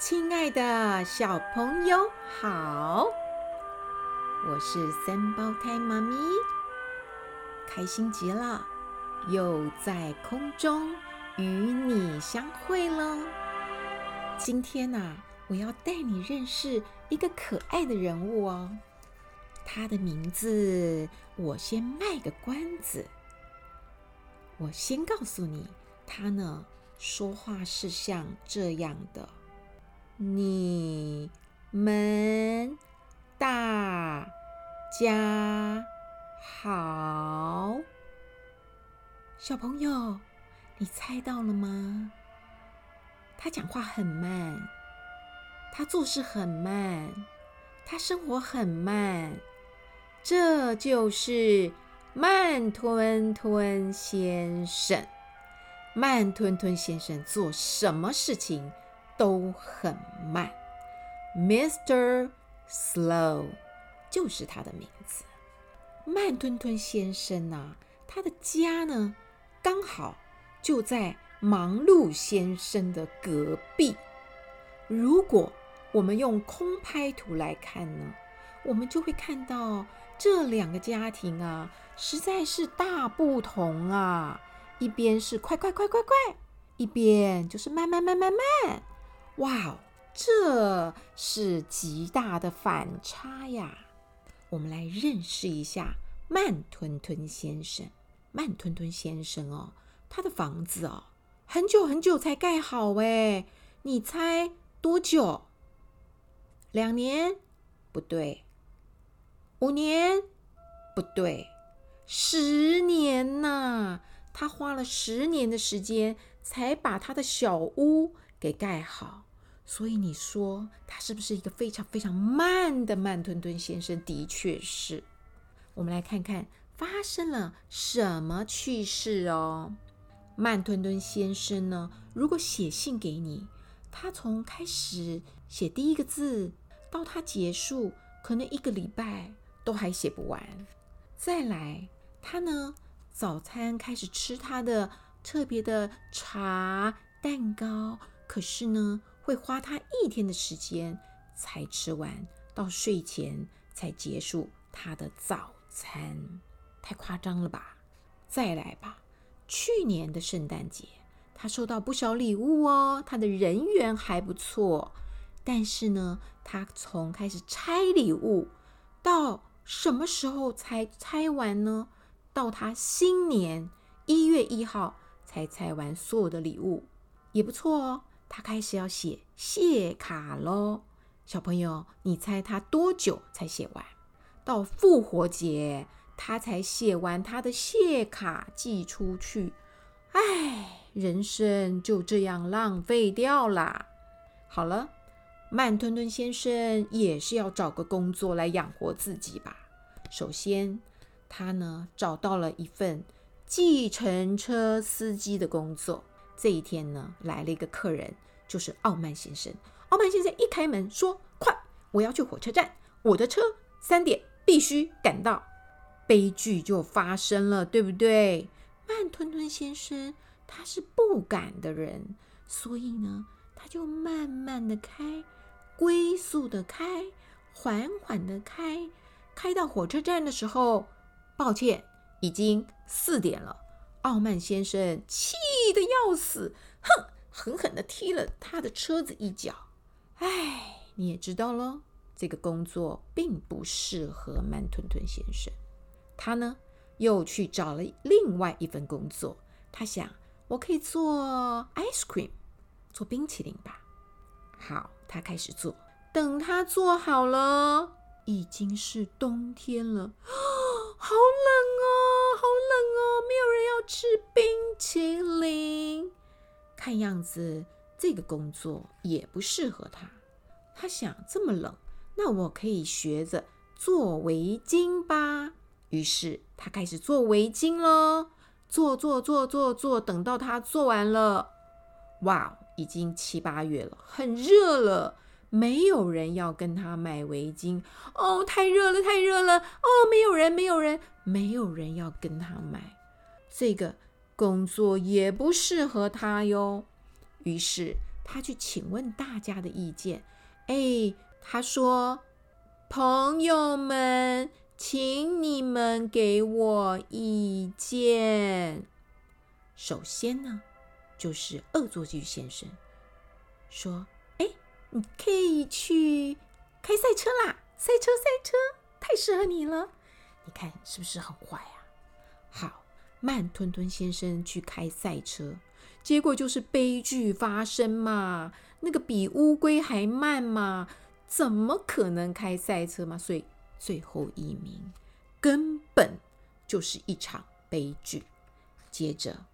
親愛的小朋友，好，我是三胞胎媽咪，開心極了，又在空中與你相會了。今天呢、啊，我要帶你認識一個可愛的人物哦。他的名字，我先賣個關子。我先告訴你，他呢，說話是像這樣的。你們大家好，小朋友，你猜到了嗎？他講話很慢，他做事很慢，他生活很慢，這就是慢吞吞先生。慢吞吞先生做什麼事情？都很慢，Mr. Slow 就是他的名字，慢吞吞先生啊。他的家呢，剛好就在忙碌先生的隔壁。如果我們用空拍圖來看呢，我們就會看到這兩個家庭啊，實在是大不同啊。一邊是快快快快快，一邊就是慢慢慢慢慢。哇哦，這是極大的反差呀！我們來認識一下慢吞吞先生。慢吞吞先生哦，他的房子哦，很久很久才蓋好哎。你猜多久？兩年？不對，五年？不對，十年吶啊，他花了十年的時間才把他的小屋給蓋好。所以你說他是不是一個非常非常慢的慢吞吞先生？的確是。我們來看看發生了什麼趣事哦。慢吞吞先生呢，如果寫信給你，他從開始寫第一個字到他結束，可能一個禮拜都還寫不完。再來，他呢，早餐開始吃他的特別的茶蛋糕，可是呢，會花他一天的時間才吃完，到睡前才結束他的早餐，太誇張了吧？再來吧。去年的聖誕節，他收到不少禮物哦，他的人緣還不錯。但是呢，他從開始拆禮物到什麼時候才拆完呢？到他新年一月一號才拆完所有的禮物，也不錯哦。他開始要寫謝卡咯，小朋友，你猜他多久才寫完？到復活節，他才寫完他的謝卡寄出去。唉，人生就這樣浪費掉了。好了，慢吞吞先生也是要找個工作來養活自己吧。首先，他呢，找到了一份計程車司機的工作。這一天呢，來了一個客人，就是傲慢先生。傲慢先生一開門說：“快，我要去火車站，我的車三點必須趕到。”悲劇就發生了，對不對？慢吞吞先生他是不趕的人，所以呢，他就慢慢的開，龜速的開，緩緩的開。開到火車站的時候，抱歉，已經四點了。傲慢先生氣得要死，哼，狠狠的踢了他的車子一腳。哎，你也知道咯，這個工作並不適合慢吞吞先生。他呢，又去找了另外一份工作。他想，我可以做 ice cream，做冰淇淋吧。好，他開始做。等他做好了，已經是冬天了，啊，哦，好冷哦。沒有人要吃冰淇淋，看樣子這個工作也不適合他。他想，這麼冷，那我可以學着做圍巾吧。於是他開始做圍巾嘍，做做做做做，等到他做完了，哇，已經七八月了，很熱了，沒有人要跟他買圍巾。哦，太熱了，太熱了。哦，沒有人，沒有人，沒有人，沒有人要跟他買。這個工作也不適合他喲。於是他去請問大家的意見。哎，他說：“朋友們，請你們給我意見。首先呢，就是惡作劇先生說：‘哎，你可以去開賽車啦！賽車，賽車，太適合你了。’你看是不是很壞呀？”慢吞吞先生去開賽車，結果就是悲劇發生嘛？那個比烏龜還慢嘛？怎麼可能開賽車嘛？所以最後一名，根本就是一場悲劇。接着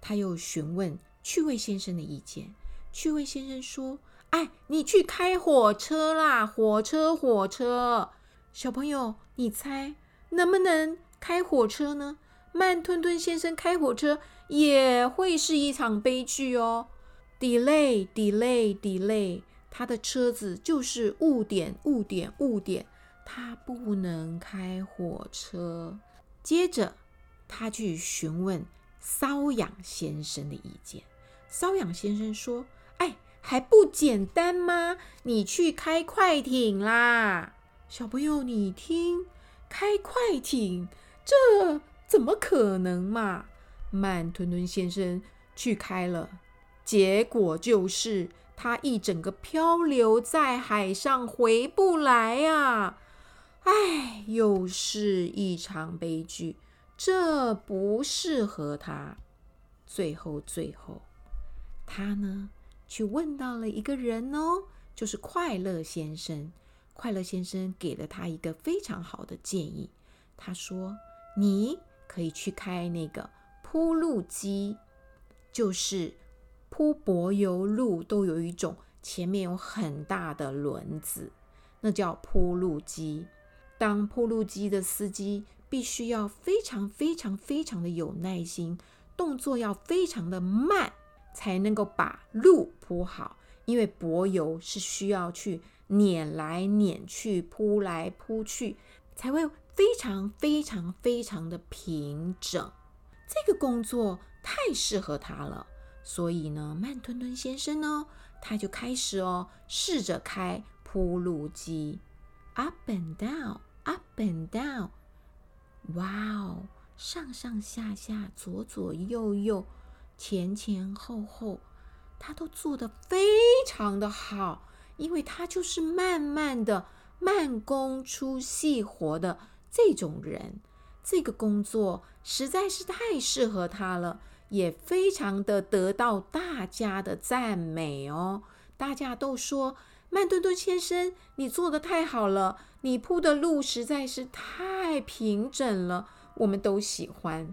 他又詢問趣味先生的意見，趣味先生說：“哎，你去開火車啦！火車，火車。小朋友，你猜能不能開火車呢？”慢吞吞先生開火車也會是一場悲劇哦。Delay, delay, delay。他的車子就是誤點，誤點，誤點。他不能開火車。接着，他去詢問搔癢先生的意見。搔癢先生說：“哎，還不簡單嗎？你去開快艇啦，小朋友，你聽，開快艇這。”怎麼可能嘛？慢吞吞先生去開了，結果就是他一整個漂流在海上回不來啊！哎，又是一場悲劇，這不適合他。最後，最後，他呢，去問到了一個人哦，就是快樂先生。快樂先生給了他一個非常好的建議，他說：“你。”可以去開那個鋪路機，就是鋪柏油路，都有一種前面有很大的輪子，那叫鋪路機。當鋪路機的司機必須要非常非常非常的有耐心，動作要非常的慢，才能夠把路鋪好。因為柏油是需要去碾來碾去，鋪來鋪去才會。非常非常非常的平整，這個工作太適合他了！所以呢，慢吞吞先生呢、哦，他就開始哦，試着開鋪路機，up and down，up and down，哇哦，上上下下，左左右右，前前後後，他都做得非常的好，因為他就是慢慢的，慢工出細活的。這種人，這個工作實在是太適合他了，也非常的得到大家的讚美哦。大家都說，慢吞吞先生，你做得太好了，你鋪的路實在是太平整了，我們都喜歡。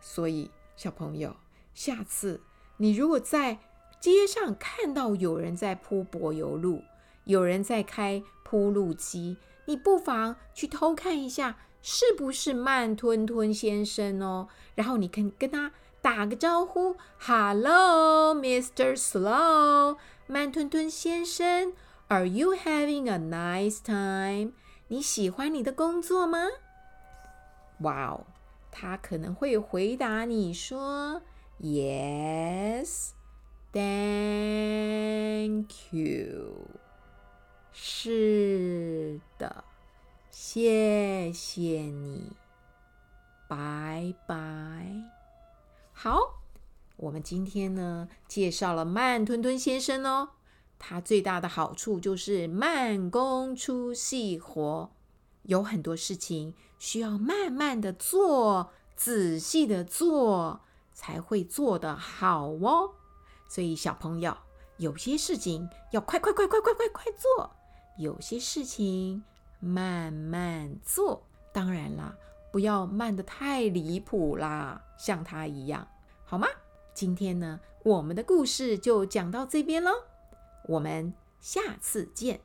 所以，小朋友，下次你如果在街上看到有人在鋪柏油路，有人在開鋪路機，你不妨去偷看一下，是不是慢吞吞先生哦？然後你跟跟他打個招呼，Hello, Mr. Slow，慢吞吞先生，Are you having a nice time？你喜歡你的工作嗎？哇哦，他可能會回答你說，Yes, thank you。是的，謝謝你，拜拜。好，我們今天呢介紹了慢吞吞先生哦，他最大的好處就是慢工出細活，有很多事情需要慢慢的做，仔細的做，才會做得好哦。所以小朋友，有些事情要快快快快快快快做。有些事情慢慢做，當然啦，不要慢得太離譜啦，像他一樣，好嗎？今天呢，我們的故事就講到這邊咯。我們下次見。